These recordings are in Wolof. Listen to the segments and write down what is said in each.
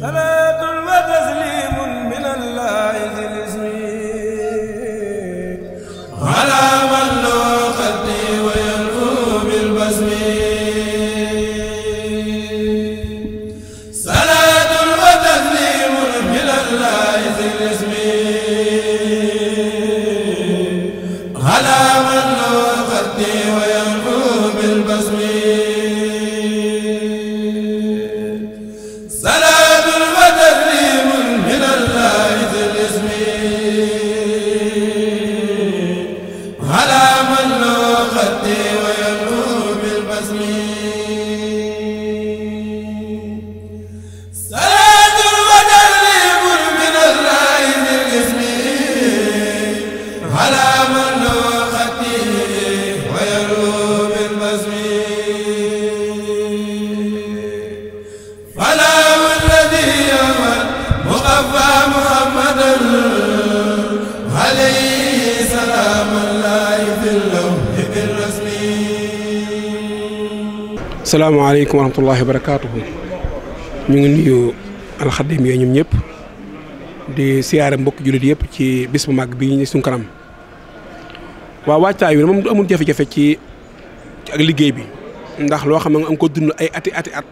salaam salaamaaleykum wa rahmatullahi wa barakaatuhu ñu ngi nuyu khadim ñum ñep di siaran mbokk julit yep ci bis bu mag bi ñi suñu karam wa waccay bi moom amul jafé jafé ci ak liggéey bi ndax lo xam nga am ko dund ay ati ati at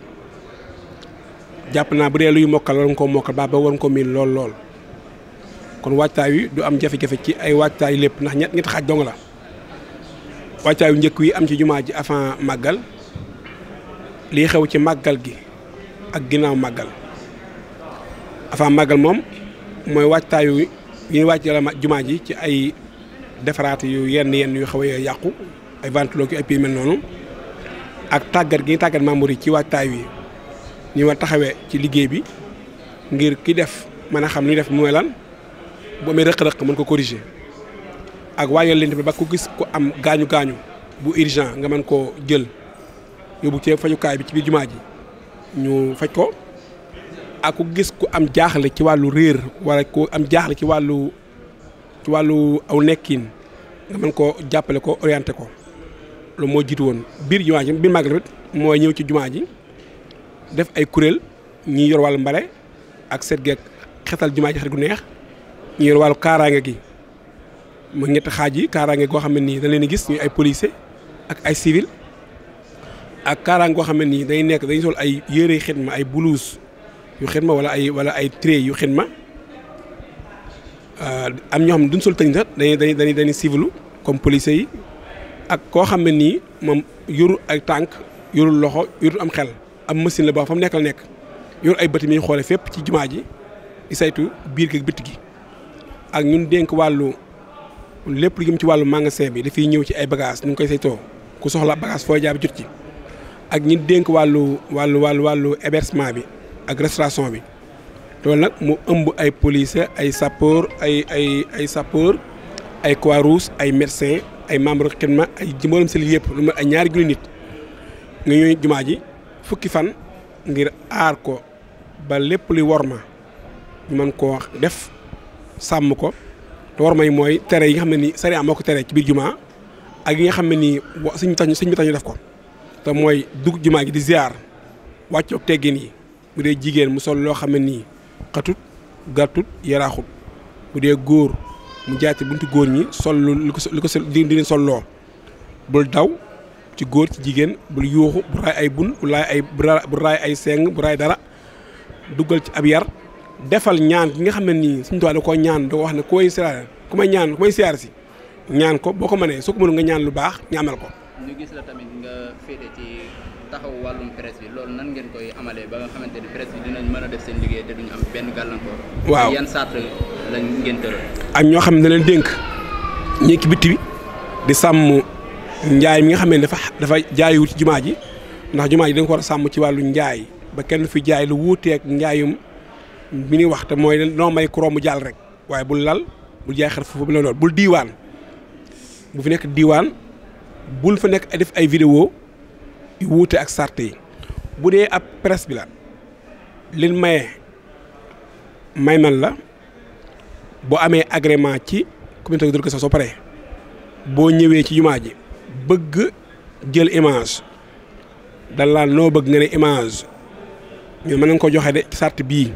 japp na bu dé luy mokal war ko mokal ba ba won ko lol lol kon waccay yu du am jafé jafé ci ay waccay lepp ndax ñet ngi taxaj dong la waccay yu njëkk yi am ci jumaa ji avant magal li xew ci màggal gi ak ginnaaw màggal avant màggal moom mooy waajtaayu yi ñuy waajal jumaa ji ci ay defaraat yu yenn yenn yu xaw a yàqu ay ventilo ki ay pii noonu ak tàggat gi ñuy tàggat membre yi ci waajtaay wi ñu war taxawee ci liggéey bi ngir ki def mën a xam lu ñu def mooy lan bu amee rëq-rëq mën ko corriger ak waajal leen ba ku gis ku am gaañu gaañu bu urgent nga mën koo jël. yóbbu ci fajukaay bi ci biir jumaa ji ñu faj ko ak ku gis ku am jaaxle ci wàllu réer wala ku am jaaxle ci wàllu ci wàllu aw nekkiin nga mën ko jàppale ko orienté ko lu moo jiitu woon biir jumaa ji biir màggal mooy ñëw ci jumaa ji def ay kuréel ñi yor wàllu mbale ak set geeg xetal jumaa ji xet gu neex ñi yor kaaraange gi mu ñetti xaaj yi kaaraange goo xam ne nii dañ leen gis ñu ay policier ak ay civil ak kaaraan goo xam ne nii day nekk dañuy sol ay yére yu xidma ay blouse yu xidma wala ay wala ay tré yu xidma euh, am ñoo xam ne duñ sol tëñ sax dañuy dañu dañuy dañuy civilu comme polise yi ak koo xam ne nii moom yorul ay tànk yorul loxo yorul am xel am machine la boo fa mu nekkal nekk yor ay bët mi xoole fépp ci jumaa ji di saytu biir gi bitti gi ak ñun dénk wàllu lépp lu jëm ci wàllu magasin bi dafay ñëw ci ay bagages ñu ngi koy saytoo ku soxla bagage foo jaar jot ci. ak ñi dénk wàllu wàllu wàllu wàllu hébergement bi ak restauration bi loolu nag mu ëmb ay policiers ay sapeurs ay ay ay sapeurs ay croix ay médecins ay membres xidma ay jëmbaram si yëpp lu ma ay ñaari junni nit nga ñuy jumaa ji fukki fan ngir aar ko ba lépp luy worma ñu mën koo def sàmm ko te worma yi mooy tere yi nga xam ne ni sariya moo ko tere ci biir jumaa ak yi nga xam ne nii wa suñu tax ñu suñu tax ñu def ko. te mooy dugg jumaa ji di ziar wàccoog teggin yi bu dee jigéen mu sol loo xam ne nii xatut gàttut yaraaxut bu dee góor mu ci buntu góor ñi sol ko lu ko sol loo bul daw ci góor ci jigéen bul yuuxu bu raay ay bun bu raay ay bu raay ay bu raay dara duggal ci ab yar defal ñaan gi nga xam ne nii suñu tool da koo ñaan da ko wax ne ku may ku may ñaan ku may siyaar si ñaan ko boo ko mënee soo ko mënul nga ñaan lu baax ñaamal ko ñu gis la tamit nga féete ci taxaw wàllum presse bi loolu nan ngeen koy amalee ba nga xamante ni presse bi dinañ mën a def seen liggéey te duñu am benn gàllankoor. waaw yan sart lañ ngeen tëral. ak ñoo xam ne leen dénk ñi ci di sàmm njaay mi nga xam ne dafa dafa ci jumaa ji ndax jumaa ji da ko war a sàmm ci wàllu njaay ba kenn fi jaay lu wuuteeg njaayum bi ñuy wax te mooy noo may kuróom mu jàll rek waaye bul lal bul jaay xar foofu bu la lool bul diiwaan bu fi nekk diiwaan. bul fa nekk def ay vidéo yu wuute ak sart yi bu dee ab presse bi la lin maye may man la boo amee agrément ci communauté de direction soo paree boo ñëwee ci jumaa ji bëgg jël image dan laa noo bëgg nga ne image ñun mën nañ ko joxe de sart bii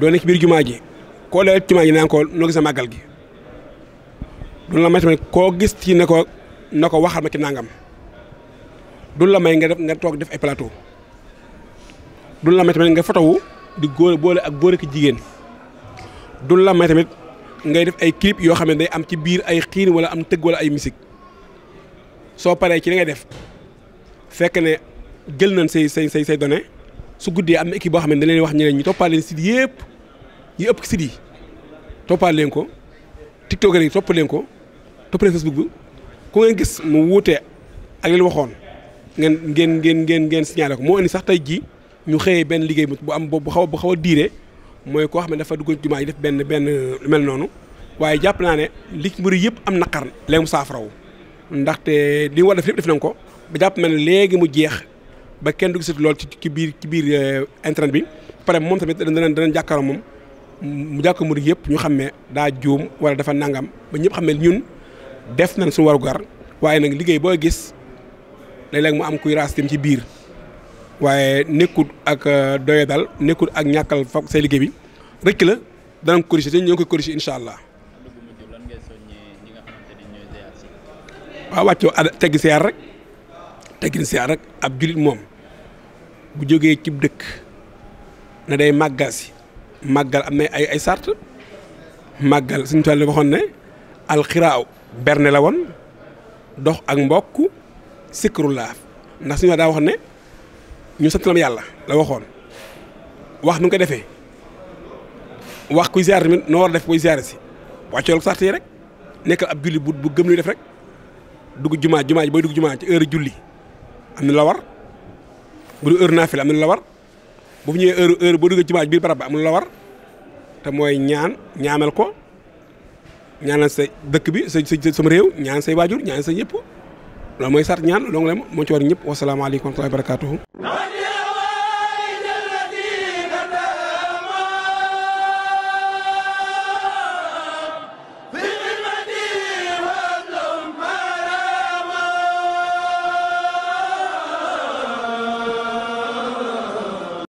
doo nekk ci biir jumaa ji koo leer jumaa ji naan ko noo gis màggal gi dunu la may tamit koo gis ci ne ko nako waxal ma ci nangam dul la may nga def nga tok def ay plateau dul la may tamit nga photo wu di góor boole ak góor ki jigen dul la may tamit ngay def ay clip yo xam day am ci bir ay xiin wala am tëgg wala ay musique so paré ci li nga def fekk ne gel nañ say say say say donné su guddé am équipe bo xam dañ leen wax ñeneen ñu topal leen site yépp yi ëpp site yi topal leen ko tiktoker yi topp leen ko topp leen facebook bu ku ngeen gis mu wuute ak li waxoon ngeen ngeen ngeen ngeen ngeen signalé ko moo indi sax tey jii ñu xëyee benn liggéey bu am bu xaw bu xaw a diire mooy koo xam ne dafa dugg jumaa def benn benn lu mel noonu waaye jàpp ne li ci yëpp am naqar léegi mu saafarawu ndaxte li war def nañ ko jàpp na ne léegi mu jeex ba kenn du gisati lool ci ci biir ci biir euh, internet bi pare moom tamit danañ danañ jàkkaaroo moom mu jàkko murid yëpp ñu xam ne daa juum wala dafa nangam ba ñëpp xam ne ñun def nañ suñu warugar waaye nag liggéey boo gis léeg-léeg mu am kuy raas tim ci biir waaye nekkut ak euh, doye dal nekkul ak ñàkkal foog say liggéey bi rëkk la danañ ko corriger te ñoo koy corriger allah. waaw rek teggin siyaar rek ab julit moom bu jógee cib dëkk na day màggal si màggal am na ay ay sart màggal suñu tool waxoon ne. alxiraaw berne la woon dox ak mbokk sikru laaf ndax suñu daa wax ne ñu sant yàlla la waxoon wax nu ko defee wax kuy ziar tamit noo war def kuy ziar si wàccool sart yi rek nekkal ab julli bu bu gëm luy def rek jumaa jumaa ji booy dugg jumaa ci heure julli am na la war bu du heure naafila am na la war bu fi ñëwee heure heure boo duggee jumaa ji biir barab ba am la war te mooy ñaan ñaanal ko ñaanal sa dëkk bi sa sa sama réew ñaanal say waajur ñaanal sa ñëpp loolu mooy sart ñaan loolu moo ci war ñëpp wasalaamaaleykum wa rahmatulah barakaatuhu